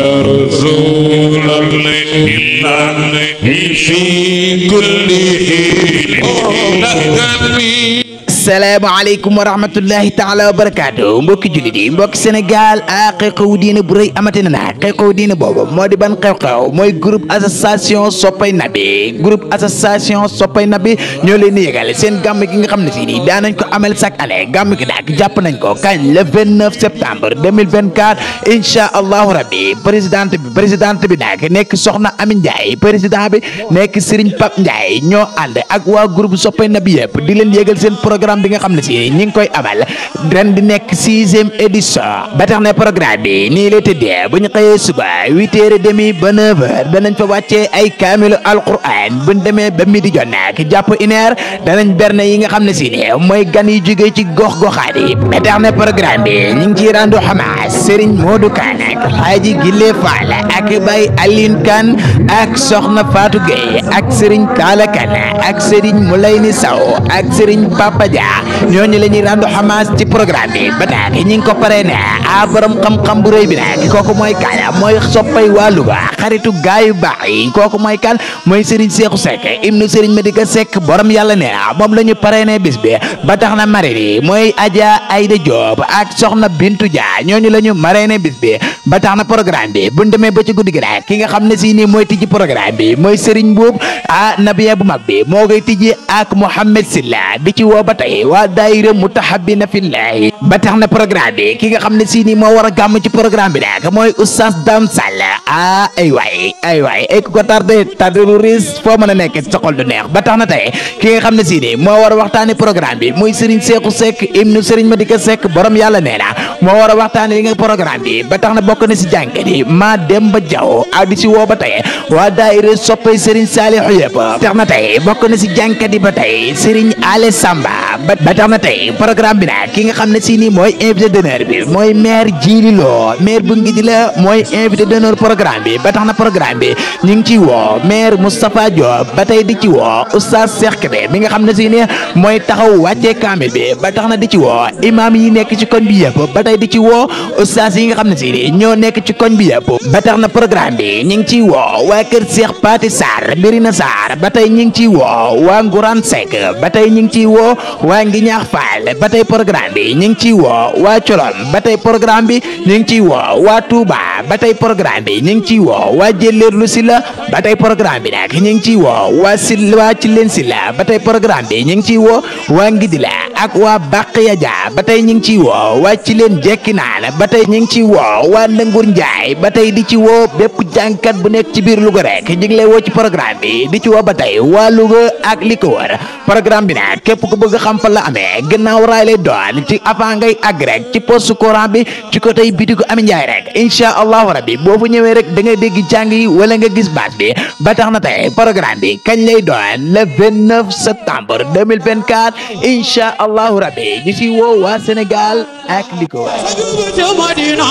يا رسول الله في كل حين لك oh, asalaamaaleykum wa rahmatullahi taala wa barakaatu mbokki jullit yi mbokki Sénégal ah xew-xewu diine bu rëy amati na nag xew-xewu diine boobu moo di ban xew-xew mooy groupe association soppay nabi groupe association soppay nabi ñoo leen di yëgale seen gàmm gi nga xam ne si nii daanañ ko amel chaque année gàmm gi nag jàpp nañ ko kañ le 29 septembre 2024 incha allahu rabbi présidente bi présidente bi nag nekk soxna Ami Ndiaye président bi nekk Serigne Pape Ndiaye ñoo ànd ak waa groupe soppay nabi yëpp di leen yëgal seen programme programme bi nga xamné ci ñi ngi koy abal dañ di nek 6e édition ba tax ne programme bi ni lay tédé bu ñu xëyee suba 8h30 demi ba neuf heures danañ fa wàccee ay kamilu alquran bu ñu demee ba midi jot nag jàpp une heure danañ berne yi nga xamné ci né moy gan yi jógee ci gox goxaat yi ba tax ne programme bi ñi ngi ci rando xamaa Serigne Modou Kane ak haji Gille Fall ak bay Aline kan ak Soxna Fatou Gueye ak Serigne kala Kane ak Serigne moulay ni saw ak Serigne Papa Dia média ñooñu la ñuy rendu hommage ci programme bi ba nag ñi ko paree ne a ah, borom xam-xam bu rëy bi nag kooku mooy kaana mooy soppay waa Louga xaritu gaayu baax yi kooku mooy kan mooy Serigne Cheikhou Seck ibnu Serigne Médica Seck borom yàlla ne moom la ñu paree ne bis bi ba tax na mari bi mooy Adja Aïda Diop ak soxna Bintu Dia ñooñu la ñu maree bi ba tax na programme bi buñ demee ba ci guddi gi daal ki ne si nii mooy tijji programme bi mooy Serigne Mboup ah nabiya bu mag bi moo koy tijji ak Mouhamed Silla di ci woo ba tey waa daayira mutahabbina fillahi ba tax na programme bi ki nga xam ne si nii moo war a gàmm ci programme bi daal mooy Oustaz Dame Sall ah ay waay ay waay ay ku ko tardé tardé foo mën a nekk sa xol du neex ba tax na tey ki nga xam ne si nii moo war a waxtaane programme bi mooy Serigne Seexu Seck ibnu Serigne Madika Seck borom yàlla nee na mo wara waxtane yi nga programme bi ba tax na bokk na ci jànkat yi ma dem ba jaw addi ci wo ba tay wa daire soppe serigne salih yeb tax na tey bokk na ci jànkat yi ba tay serigne ale samba ba tax na tey programme bi na ki nga xamne ci ni moy invité d'honneur bi moy maire jili lo maire bu ngi di la moy invité d'honneur programme bi ba tax na programme bi ñu ngi ci wo maire mustapha Diop ba tay di ci wo oustaz Cheikh kebe mi nga xamne ci ni moy taxaw wacce kamel bi ba tax na di ci wo imam yi nekk ci kon bi yeb ba tey di ci woo ustaas yi nga xam ne si di ñoo nekk ci koñ bi yëpp ba tax na programme bi ñu ngi ciy woo waa kër Seex Paati Sarr Birina Sarr ba tey ñu ngi ciy woo waa Nguraan Seck ba tey ñu ngi ciy woo waa Ngiñaax Fall ba tey programme bi ñu ngi ciy woo waa Colom ba tey programme bi ñu ngi ciy woo waa Touba ba tey programme bi ñu ngi ciy woo waa Jëleer lu si la ba tey programme bi nag ñu ngi ciy woo waa si waa ci leen si la ba tey programme bi ñu ngi ciy woo waa Ngidila ak waa Baqiya Ja ba tey ñu ngi ciy woo waa ci leen jekki naa la ba tey ñu ngi ci woo waa nangur njaay batay di ci wo bepp jankat bu nek ci biir Louga rek ñu lay wo ci programme bi di ci wo batay wa ak liko war programme bi nag kep ku bëgg xam fa la amé gannaaw raay lay doon ci avant ngay ag rek ci poste courant bi ci côté bitigu Ami Njaay rek insha allahu rabbi bo fa ñëwé rek da ngay dégg jang yi wala nga gis baat bi ba tax na tay programme bi kañ lay doon le 29 septembre 2024 insha rabbi ñu si ak liko Madina.